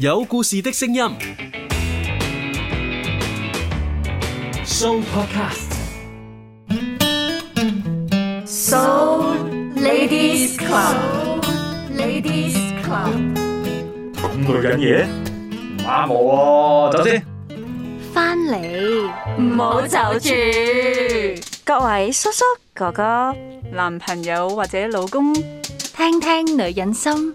有故事的聲音，Show Podcast，So Ladies Club，So Ladies Club。咁女人嘢，唔啱我，走先。翻嚟，唔好走住。各位叔叔、哥哥、男朋友或者老公，聽聽女人心。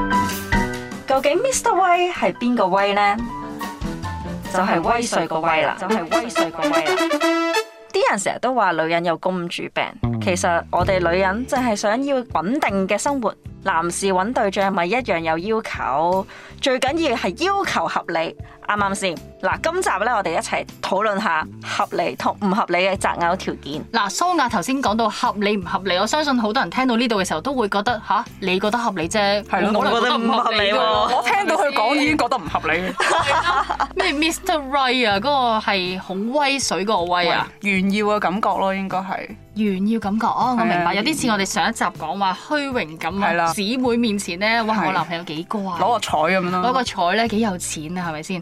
究竟 Mr. 威係邊個威呢？就係威水個威啦，就係威水個威啦。啲 人成日都話女人有公主病，其實我哋女人淨係想要穩定嘅生活。男士揾對象咪一樣有要求，最緊要係要求合理，啱啱先？嗱，今集呢，我哋一齊討論下合理同唔合理嘅擇偶條件。嗱，蘇雅頭先講到合理唔合理，我相信好多人聽到呢度嘅時候都會覺得嚇、啊，你覺得合理啫，的我可能覺得唔合理喎。我聽到佢講已經覺得唔合理。咩 Mr. Ray 啊？嗰個係好威水個威啊，炫耀嘅感覺咯，應該係。炫耀咁講，我明白，的有啲似我哋上一集講話虛榮咁啊！姊妹是的 面前咧，哇，我男朋友幾乖，攞個彩咁樣咯，攞個彩咧幾有錢啊，係咪先？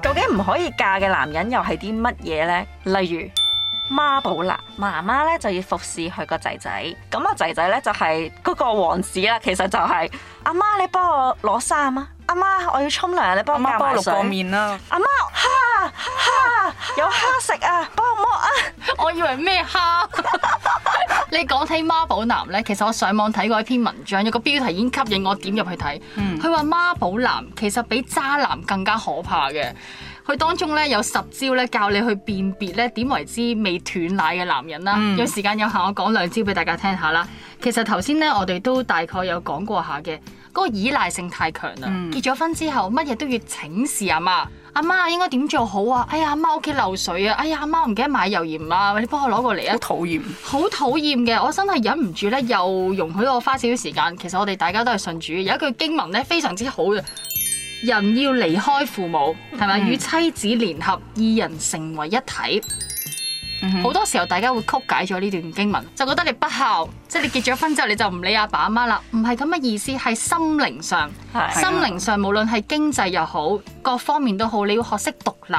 究竟唔可以嫁嘅男人又係啲乜嘢咧？例如媽寶男，媽媽咧就要服侍佢個仔仔，咁啊仔仔咧就係嗰個王子啦。其實就係、是、阿媽,媽,你、啊媽,媽，你幫我攞衫啊，阿媽,媽,媽，我要沖涼，你幫我我抹下面啊，阿媽。有蝦食啊，幫我摸啊！ 我以為咩蝦？ 你講起媽寶男呢，其實我上網睇過一篇文章，有個標題已經吸引我點入去睇。佢話媽寶男其實比渣男更加可怕嘅。佢當中呢，有十招咧教你去辨別咧點為之未斷奶嘅男人啦。嗯、有時間有限，我講兩招俾大家聽下啦。其實頭先呢，我哋都大概有講過下嘅，嗰、嗰個依賴性太強啦。嗯、結咗婚之後，乜嘢都要請示阿媽。阿媽應該點做好啊？哎呀，阿媽屋企漏水啊！哎呀，阿媽唔記得買油鹽啊！你幫我攞過嚟啊！好討厭，好討厭嘅，我真係忍唔住咧，又容許我花少少時間。其實我哋大家都係順主。有一句經文咧，非常之好嘅，人要離開父母，係咪與妻子聯合，二人成為一體」mm。hmm。好多時候大家會曲解咗呢段經文，就覺得你不孝。即係你結咗婚之後，你就唔理阿爸阿媽啦，唔係咁嘅意思，係心靈上，心靈上無論係經濟又好，各方面都好，你要學識獨立，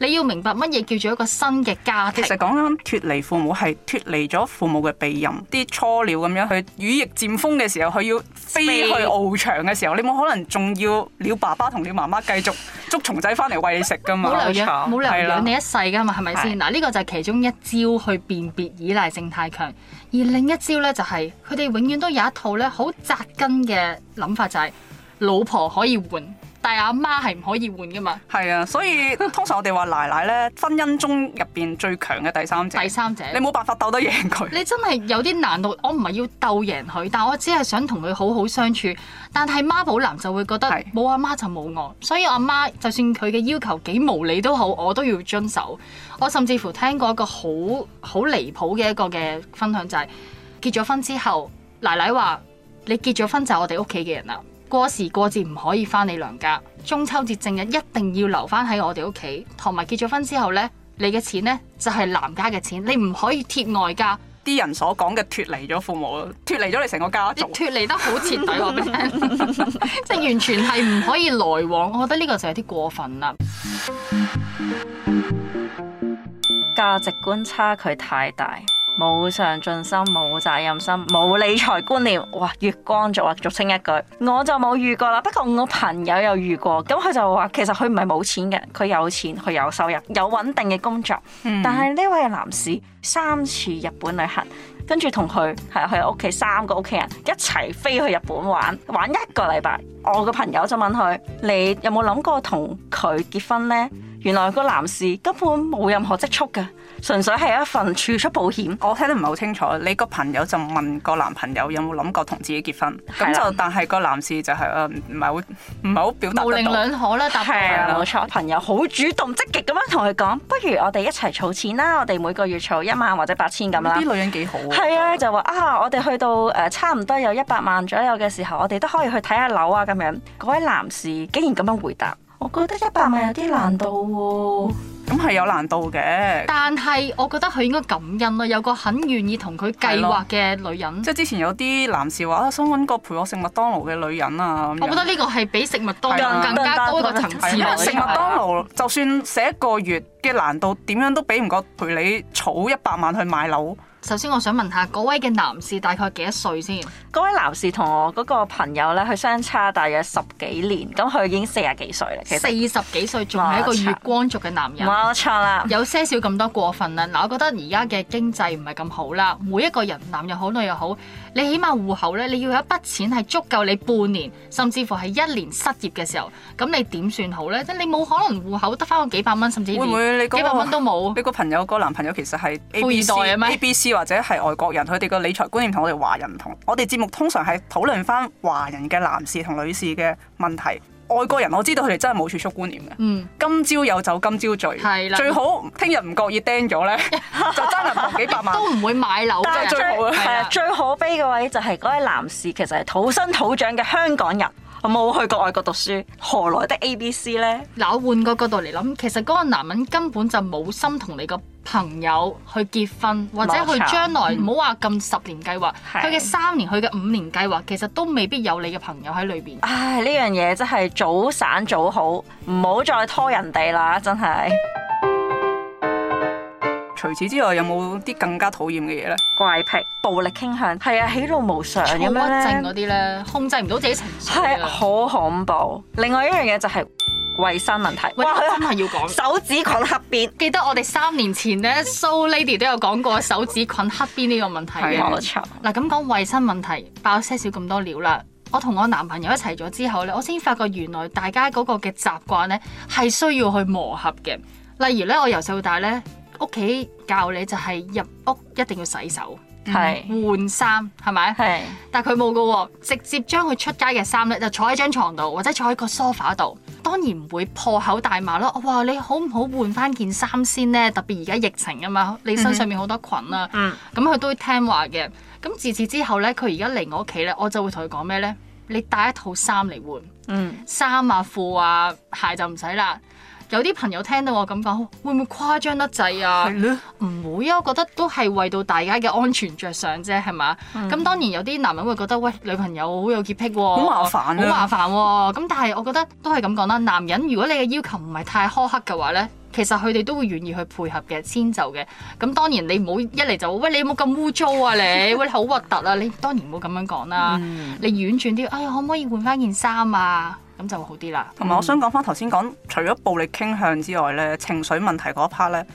你要明白乜嘢叫做一個新嘅家庭。其實講緊脱離父母係脱離咗父母嘅庇蔭，啲初鳥咁樣，佢羽翼漸豐嘅時候，佢要飛去翱翔嘅時候，你冇可能仲要鳥爸爸同鳥媽媽繼續捉蟲仔翻嚟餵你食㗎嘛。 冇理由，冇理由要，冇理由養你一世㗎嘛，係咪先？嗱的，呢個就係其中一招去辨別依賴性太強。而另一招呢，就係佢哋永遠都有一套呢好扎根嘅諗法，就係、是、老婆可以換。但係阿媽係唔可以換嘅嘛？係啊，所以通常我哋話奶奶咧，婚姻中入邊最強嘅第三者。第三者，你冇辦法鬥得贏佢。你真係有啲難度。我唔係要鬥贏佢，但我只係想同佢好好相處。但係媽寶男就會覺得冇阿媽就冇我，所以阿媽就算佢嘅要求幾無理都好，我都要遵守。我甚至乎聽過一個好好離譜嘅一個嘅分享，就係結咗婚之後，奶奶話：你結咗婚就係我哋屋企嘅人啦。過時過節唔可以翻你娘家，中秋節正日一定要留翻喺我哋屋企，同埋結咗婚之後呢，你嘅錢呢，就係男家嘅錢，你唔可以貼外家。啲人所講嘅脫離咗父母，脫離咗你成個家族，脫離得好徹底， 即係完全係唔可以來往。我覺得呢個就有啲過分啦，價值觀差距太大。冇上進心，冇責任心，冇理財觀念，哇！月光族啊，俗稱一句，我就冇遇過啦。不過我朋友又遇過，咁佢就話其實佢唔係冇錢嘅，佢有錢，佢有收入，有穩定嘅工作。嗯。但係呢位男士三次日本旅行，跟住同佢係佢屋企三個屋企人一齊飛去日本玩，玩一個禮拜。我個朋友就問佢：你有冇諗過同佢結婚呢？原來個男士根本冇任何積蓄㗎。純粹係一份儲蓄保險，我聽得唔係好清楚。你個朋友就問個男朋友有冇諗過同自己結婚，咁的就但係個男士就係誒唔係好唔係好表達得到。無令兩可啦，答覆係啊，冇錯。朋友好主動積極咁樣同佢講，不如我哋一齊儲錢啦，我哋每個月儲一萬或者八千咁啦。啲女人幾好啊，係啊，就話啊，我哋去到誒差唔多有一百萬左右嘅時候，我哋都可以去睇下樓啊咁樣。嗰位男士竟然咁樣回答。我覺得一百萬有啲難度喎。哦，咁係有難度嘅。但係我覺得佢應該感恩咯，有個很願意同佢計劃嘅女人。即係之前有啲男士話啊，想揾個陪我食麥當勞嘅女人啊。我覺得呢個係比食麥當勞更加高一個層次， 因為食麥當勞 就算食一個月嘅難度，點樣都比唔過陪你儲一百萬去買樓。首先我想問下嗰位嘅男士大概幾多歲先？嗰位男士同我嗰個朋友咧，佢相差大約十幾年，咁佢已經四十幾歲啦。其實四十幾歲仲係一個月光族嘅男人，冇錯啦，有些少咁多過分啦。嗱、 啊，我覺得而家嘅經濟唔係咁好啦，每一個人，男又好，女又好。你起碼戶口咧，你要有一筆錢係足夠你半年，甚至乎係一年失業嘅時候，咁你點算好咧？即係你冇可能戶口得翻個幾百蚊，甚至會唔會你、幾百蚊都冇，個你個朋友、個男朋友其實係富二代啊？咩？A B C 或者係外國人，佢哋個理財觀念同我哋華人唔同。我哋節目通常係討論翻華人嘅男士同女士嘅問題。外國人我知道佢哋真係冇儲蓄觀念嘅，嗯，今朝有酒今朝醉，的最好聽日唔覺意釘咗咧， 就真係萬幾百萬 都唔會買樓，但係最好，係最可悲嘅位就係嗰位男士，其實係土生土長嘅香港人。有冇去過外國讀書，何來的 A B C 呢？嗱，換個角度嚟諗，其實嗰個男人根本就冇心同你個朋友去結婚，或者佢將來唔好話咁十年計劃，佢嘅是三年、佢嘅五年計劃，其實都未必有你嘅朋友喺裏邊。唉，呢樣嘢真係早散早好，唔好再拖人哋啦，真係。除此之外，有冇啲更加討厭嘅嘢咧？怪癖、暴力傾向，係啊，喜怒無常咁樣，抑鬱症嗰啲咧，控制唔到自己情緒，係好恐怖。另外一樣嘢就係衞生問題，哇，真係要講手指菌黑邊。記得我哋三年前咧，So Lady 都有講過手指菌黑邊呢個問題嘅。冇錯嗱，咁講衞生問題爆些少咁多料啦。我同我男朋友一齊咗之後咧，我先發覺原來大家嗰個嘅習慣咧係需要去磨合嘅。例如咧，我由細到大咧。屋企教你就係入屋一定要洗手，係、mm hmm. 換衫，係咪？係、mm。Hmm. 但係佢冇嘅喎，直接將佢出街嘅衫咧，就坐喺張床度，或者坐喺個 sofa 度，當然唔會破口大罵咯。我話你好唔好換翻件衫先咧？特別而家疫情啊嘛，你身上面好多菌啦、啊。嗯、mm。咁、hmm. 佢都會聽話嘅。咁自此之後咧，佢而家嚟我屋企咧，我就會同佢講咩咧？你帶一套衫嚟換，衫、mm hmm. 啊褲啊鞋就唔使啦。有啲朋友聽到我咁講，會唔會誇張得滯啊？唔的會啊，我覺得都係為到大家嘅安全着想啫，係嘛？咁、嗯、當然有啲男人會覺得，喂，女朋友好有潔癖喎、啊，好麻煩、啊，好麻煩喎、啊。咁 但係我覺得都係咁講啦。男人如果你嘅要求唔係太苛刻嘅話呢，其實佢哋都會願意去配合嘅，遷就嘅。咁當然你唔好一嚟就喂你有冇咁污糟啊你？喂 你好核突啊你！當然唔好咁樣講啦、啊，嗯、你婉轉啲，哎可唔可以換翻件衫啊？咁就會好啲啦。同埋，我想講翻頭先講，除咗暴力傾向之外咧，情緒問題嗰一 part 咧，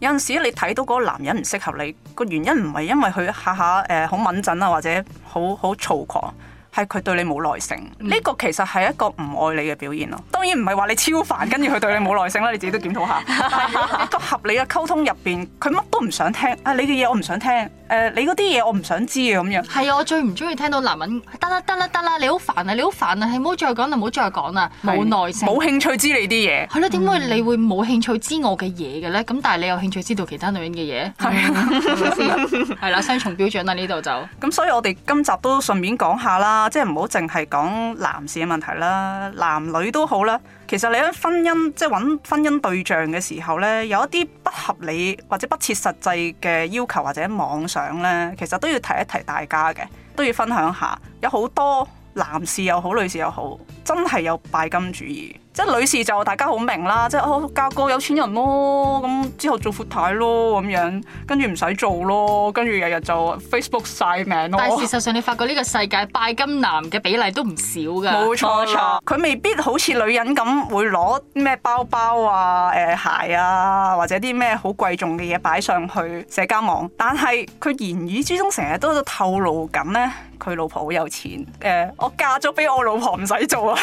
有陣時你睇到嗰個男人唔適合你，個原因唔係因為佢下下誒好敏準啊，或者好好躁狂。係佢對你冇耐性，呢、這個其實係一個唔愛你嘅表現咯。當然唔係話你超煩，跟住佢對你冇耐性啦。你自己都檢討下， 一個合理嘅溝通入邊，佢乜都唔想聽，啊、哎、你嘅嘢，我唔想聽，誒、哎、你嗰啲嘢我唔想知啊咁樣。係啊，我最唔中意聽到男人得啦得啦得啦，啦，你好煩啊你好煩啊，係唔好再講啦唔好再講啦，冇耐性冇興趣知你啲嘢。係咯、嗯，點解你會冇興趣知我嘅嘢嘅咧？咁但係你有興趣知道其他女人嘅嘢？係、嗯、啊，係啦雙重標準啦呢度就。咁所以我哋今集都順便講下啦。即係唔好淨係講男士嘅問題啦，男女都好啦。其實你喺婚姻即係揾婚姻對象嘅時候呢，有一啲不合理或者不切實際嘅要求或者妄想呢，其實都要提一提大家嘅，都要分享下。有好多男士又好，女士又好，真係有拜金主義。即係女士就大家好明啦，即係哦嫁個有錢人咯，咁之後做闊太，太咯咁樣，跟住唔使做咯，跟住日日就 Facebook 晒命咯。但係事實上你發覺呢個世界拜金男嘅比例都唔少㗎，冇錯，佢、嗯、未必好似女人咁會攞咩包包啊、誒、呃、鞋啊，或者啲咩好貴重嘅嘢擺上去社交網，但係佢言語之中成日都透露緊呢佢老婆好有錢，誒、呃、我嫁咗俾我老婆唔使做啊。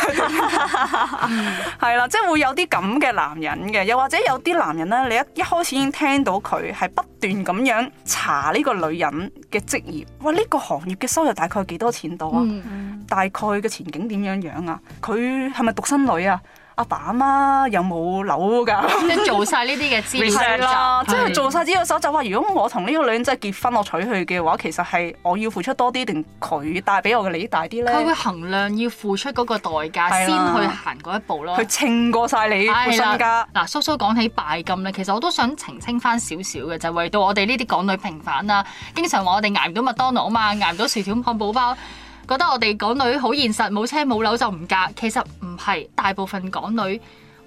係啦，即係會有啲咁嘅男人嘅，又或者有啲男人咧，你一一開始已經聽到佢係不斷咁樣查呢個女人嘅職業，哇！呢、呢個行業嘅收入大概幾多錢度啊？嗯嗯、大概嘅前景點樣樣啊？佢係咪獨生女啊？阿爸阿媽有冇樓㗎？你 做晒呢啲嘅資產啦，即係做晒呢個手就話如果我同呢個女人真係結婚，我娶佢嘅話，其實係我要付出多啲定佢帶俾我嘅利益大啲咧？佢會衡量要付出嗰個代價了先去行嗰一步咯。佢稱過晒你身家。嗱，叔叔講起拜金咧，其實我都想澄清返少少嘅，就係、為到我哋呢啲港女平反啦，經常話我哋捱唔到麥當勞啊嘛，捱唔到薯條漢堡包。寶寶寶寶覺得我哋港女好現實，冇車冇樓就唔嫁。其實唔係，大部分港女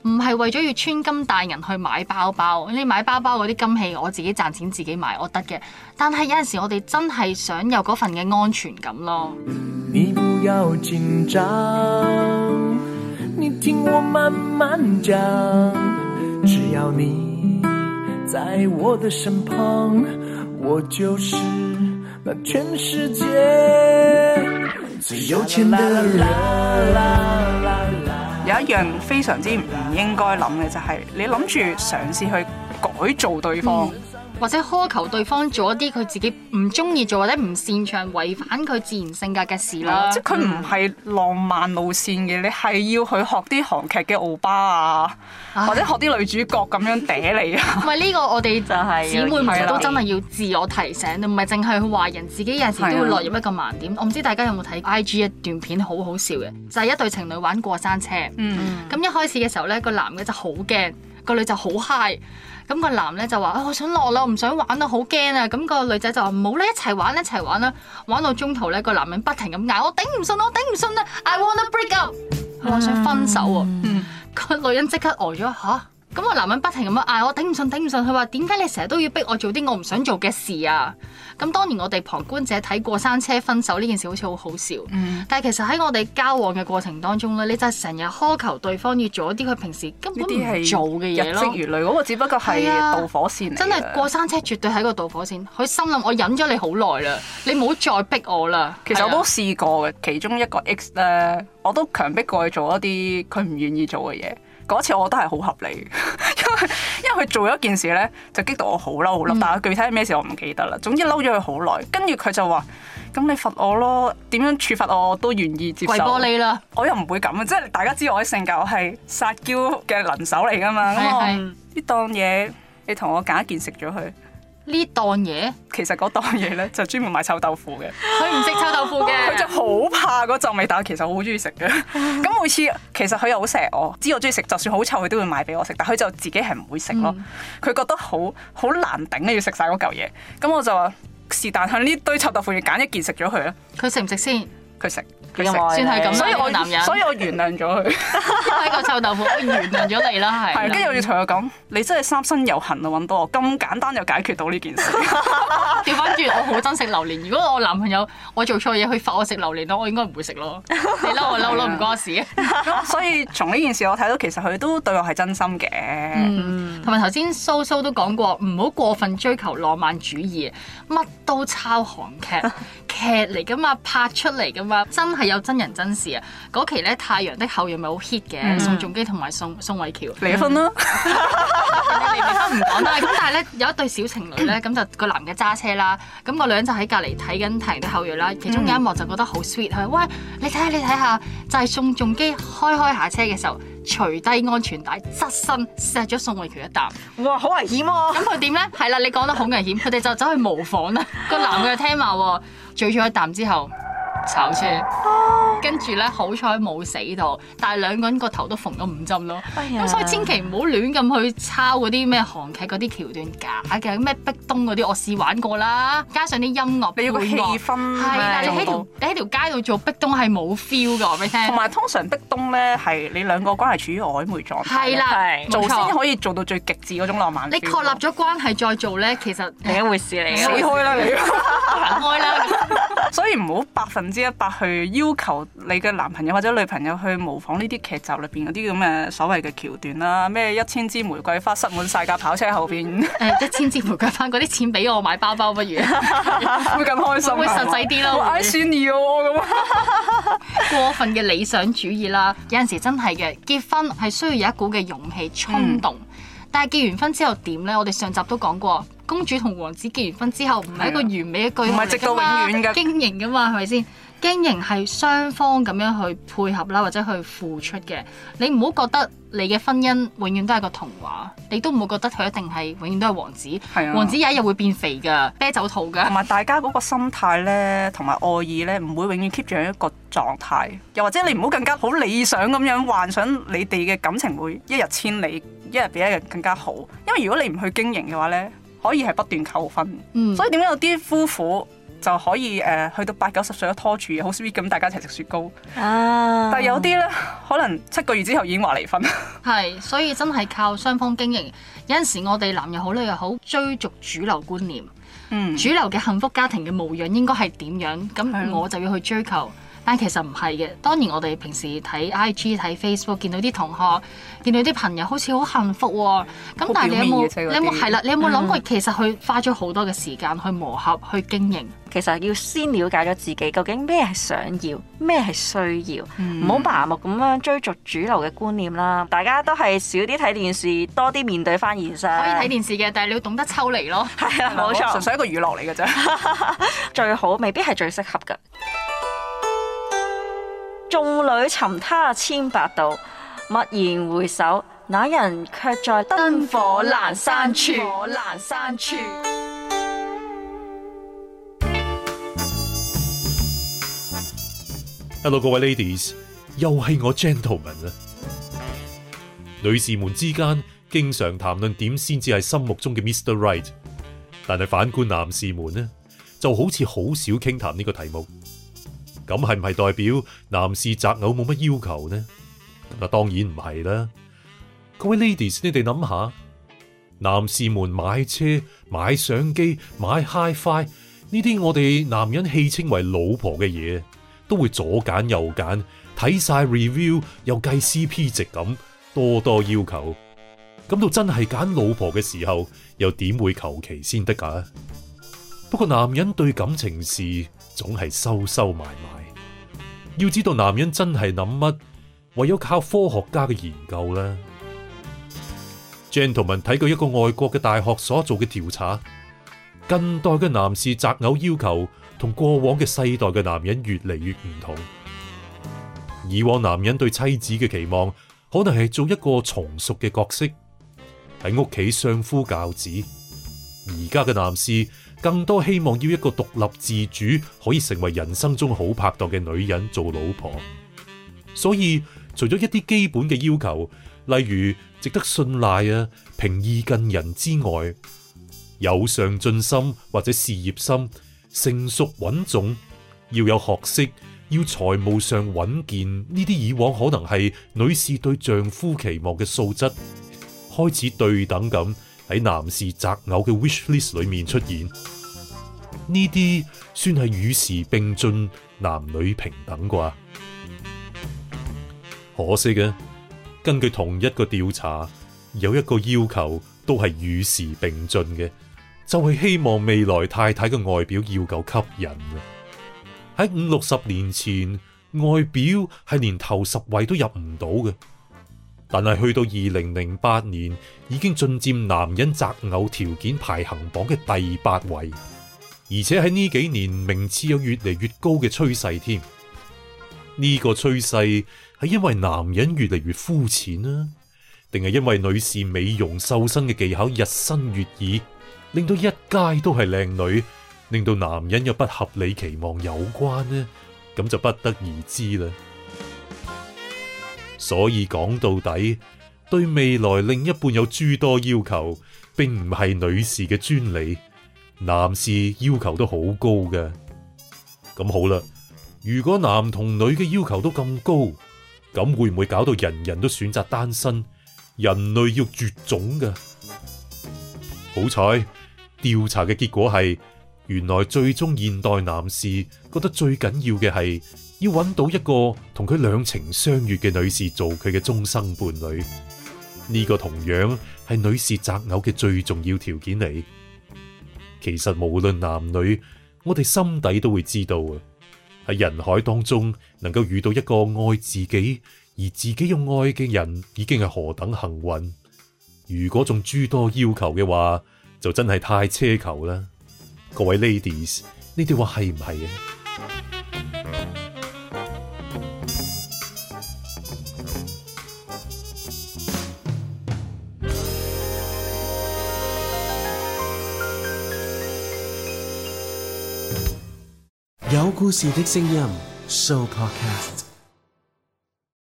唔係為咗要穿金戴銀去買包包。你買包包嗰啲金器，我自己賺錢自己買，我得嘅。但係有陣時我哋真係想有嗰份嘅安全感咯。你不要緊張，你聽我慢慢講。只要你在我的身旁，我就是全世界。有，錢的人有一樣非常之唔應該諗嘅就係、是，你諗住嘗試去改造對方。 或者苛求對方做一啲佢自己唔中意做或者唔擅長、違反佢自然性格嘅事啦、啊。即係佢唔係浪漫路線嘅，嗯、你係要去學啲韓劇嘅歐巴啊，唉或者學啲女主角咁樣嗲你啊、 就是。唔係呢個，我哋就係姊妹，其實都真係要自我提醒，唔係淨係話人，自己有陣時都會落入一個盲點。的我唔知大家有冇睇 IG 一段片，好好笑嘅，就係、是、一對情侶玩過山車。嗯，咁一開始嘅時候呢、個男嘅就好驚，個女就好嗨。咁個男咧就話：我想落啦，唔想玩啦，好驚啊！咁、那個女仔就話：唔好啦，一齊玩一齊玩啦，玩到中途咧，個男人不停咁嗌：我頂唔順，我頂唔順啦！I wanna break up，佢話、嗯、想分手喎。嗯，個女人即刻呆咗嚇。咁個男人不停咁樣嗌，我頂唔順，頂唔順。佢話：點解你成日都要逼我做啲我唔想做嘅事啊？咁當然我哋旁觀者睇過山車分手呢件事好似好好笑，嗯、但係其實喺我哋交往嘅過程當中咧，你就係成日苛求對方要做一啲佢平時根本唔做嘅嘢咯。日積月累，嗰、那個只不過係導火線嚟、啊、真係過山車，絕對係一個導火線。佢心諗：我忍咗你好耐啦，你唔好再逼我啦。其實我都試過嘅，啊、其中一個 x 咧、uh，我都強逼過去做一啲佢唔願意做嘅嘢。嗰次我覺得係好合理， 因為因為佢做咗件事咧，就激到我好嬲好嬲，嗯、但係具體係咩事我唔記得啦。總之嬲咗佢好耐，跟住佢就話：咁你罰我咯，點樣處罰我我都願意接受。碎玻璃啦，我又唔會咁啊！即係大家知我嘅性格，我係撒嬌嘅能手嚟噶嘛。咁、嗯、呢檔嘢、嗯，你同我揀一件食咗佢。呢檔嘢其實嗰檔嘢咧 就專門賣臭豆腐嘅，佢唔食臭豆腐嘅，佢 就好怕嗰陣味道，但係其實我好中意食嘅。咁 每次其實佢又好錫我，知我中意食，就算好臭佢都會買俾我食，但佢就自己係唔會食咯。佢、嗯、覺得好好難頂啊，要食晒嗰嚿嘢。咁我就話：是但喺呢堆臭豆腐要揀一件食咗佢啦。佢食唔食先？佢食。算係咁，所以我男人，所以我原諒咗佢。係個臭豆腐，我原諒咗你啦，係。係。跟住我要同佢講，你真係三生有幸啊，揾到我咁簡單就解決到呢件事。調翻轉，我好憎食榴蓮。如果我男朋友我做錯嘢，佢罰我食榴蓮咯，我應該唔會食咯。你嬲我嬲咯，唔關事。所以從呢件事我睇到，其實佢都對我係真心嘅。嗯，同埋頭先蘇蘇都講過，唔好過分追求浪漫主義，乜都抄韓劇。劇嚟噶嘛，拍出嚟噶嘛，真係有真人真事啊！嗰期咧《太陽的後裔》咪好 hit 嘅，宋仲基同埋宋宋慧喬離咗婚啦。 離咗婚唔講啦，咁但係咧有一對小情侶咧，咁 就個男嘅揸車啦，咁、個女人就喺隔離睇緊《太陽的後裔》啦。其中有一幕就覺得好 sweet，係喂你睇下你睇下，就係、係、宋仲基開開下車嘅時候，除低安全帶，側身錫咗宋慧喬一啖，哇，好危險喎啊！咁佢點咧？係啦，你講得好危險，佢哋 就走去模仿啦。個男嘅聽話。啊咀咗一啖之後，炒車。 跟住咧，好彩冇死到，但係兩個人個頭都縫咗五針咯。咁所以千祈唔好亂咁去抄嗰啲咩韓劇嗰啲橋段㗎嘅咩壁咚嗰啲，我試玩過啦。加上啲音樂、氣氛，係啦，你喺條你喺條街度做壁咚係冇 feel 㗎，我俾你聽。同埋通常壁咚咧係你兩個關係處於曖昧狀態，係啦，做先可以做到最極致嗰種浪漫。你確立咗關係再做咧，其實另一回事嚟。死開啦！死開啦！所以唔好百分之一百去要求。你嘅男朋友或者女朋友去模仿呢啲劇集裏邊嗰啲咁嘅所謂嘅橋段啦、啊，咩一千支玫瑰花塞滿晒架跑車後邊，一千支玫瑰花嗰啲錢俾我買包包不如，會咁開心，會實際啲咯，太酸意咯咁，過分嘅理想主義啦，有陣時真係嘅，結婚係需要有一股嘅勇氣、衝、嗯、動，但係結完婚之後點呢？我哋上集都講過，公主同王子結完婚之後唔係一個完美嘅句號，唔係直到永遠，經營㗎嘛係咪先？嗯嗯。經營係雙方咁樣去配合啦，或者去付出嘅。你唔好覺得你嘅婚姻永遠都係個童話，你都唔會覺得佢一定係永遠都係王子。是啊，王子有一日會變肥㗎，啤酒肚㗎。同埋大家嗰個心態呢，同埋愛意呢，唔會永遠 keep 住一個狀態。又或者你唔好更加好理想咁樣幻想你哋嘅感情會一日千里，一日比一日更加好。因為如果你唔去經營嘅話呢，可以係不斷扣分。嗯，所以點解有啲夫婦，就可以誒、呃、去到八九十歲都拖住，好 sweet 咁大家一齊食雪糕。啊！但係有啲咧，可能七個月之後已經話離婚。係，所以真係靠雙方經營。有陣時我哋男又好，女又好，追逐主流觀念。嗯、主流嘅幸福家庭嘅模樣應該係點樣？咁我就要去追求。嗯、但其實唔係嘅。當然我哋平時睇 IG 睇 Facebook，見到啲同學，見到啲朋友，好似好幸福喎、哦。咁但係你有冇？就係、你有冇係啦？你有冇諗過其實佢花咗好多嘅時間去磨合，去經營？其實要先了解咗自己究竟咩係想要，咩係需要，唔好盲目咁樣追逐主流嘅觀念啦。大家都係少啲睇電視，多啲面對翻現實。可以睇電視嘅，但係你要懂得抽離咯。係 啊，冇錯錯，純粹一個娛樂嚟嘅啫。 最好未必係最適合㗎。眾 裏尋他千百度，驀然回首，那人卻在燈火闌珊處。燈火闌珊處。hello，各位 ladies，又係我 gentlemen 啊。Gentlemen. 女士們之間經常談論點先至係心目中嘅 Mr. Right，但係反觀男士們呢，就好似好少傾談呢個題目。咁係唔係代表男士擇偶冇乜要求呢？嗱，當然唔係啦。各位 ladies，你哋諗下，男士們買車、買相機、買 Hi-Fi 呢啲，Fi, 我哋男人戲稱為老婆嘅嘢。都會左揀右揀，睇晒 review 又計 CP 值咁，多多要求。咁到真係揀老婆嘅時候，又點會求其先得噶？不過男人對感情事總係收收埋埋。要知道男人真係諗乜，唯有靠科學家嘅研究啦。gentleman 睇過一個外國嘅大學所做嘅調查，近代嘅男士擇偶要求。同過往嘅世代嘅男人越嚟越唔同。以往男人對妻子嘅期望，可能係做一個從屬嘅角色，喺屋企相夫教子。而家嘅男士更多希望要一個獨立自主、可以成為人生中好拍檔嘅女人做老婆。所以除咗一啲基本嘅要求，例如值得信賴啊、平易近人之外，有上進心或者事業心。成熟穩重，要有學識，要財務上穩健，呢啲以往可能係女士對丈夫期望嘅素質，開始對等咁喺男士擇偶嘅 wish list 裏面出現，呢啲算係與時並進，男女平等啩？可惜嘅、啊，根據同一個調查，有一個要求都係與時並進嘅。就係希望未來太太嘅外表要夠吸引。喺五六十年前，外表係連頭十位都入唔到嘅，但係去到二零零八年已經進占男人擇偶條件排行榜嘅第八位，而且喺呢幾年名次有越嚟越高嘅趨勢添。呢個趨勢係因為男人越嚟越膚淺啊，定係因為女士美容瘦身嘅技巧日新月異？令到一街都係靚女，令到男人有不合理期望有關呢，咁就不得而知啦。所以講到底，對未來另一半有諸多要求，並唔係女士嘅專利，男士要求都好高嘅。咁好啦，如果男同女嘅要求都咁高，咁會唔會搞到人人都選擇單身，人類要絕種噶？好彩。調查嘅結果係，原來最終現代男士覺得最緊要嘅係要揾到一個同佢兩情相悅嘅女士做佢嘅終生伴侶。呢個同樣係女士擇偶嘅最重要條件嚟。其實無論男女，我哋心底都會知道啊，喺人海當中能夠遇到一個愛自己而自己又愛嘅人，已經係何等幸運。如果仲諸多要求嘅話，就真係太奢求啦，各位 ladies，呢啲話係唔係啊？有故事的聲音，Show Podcast。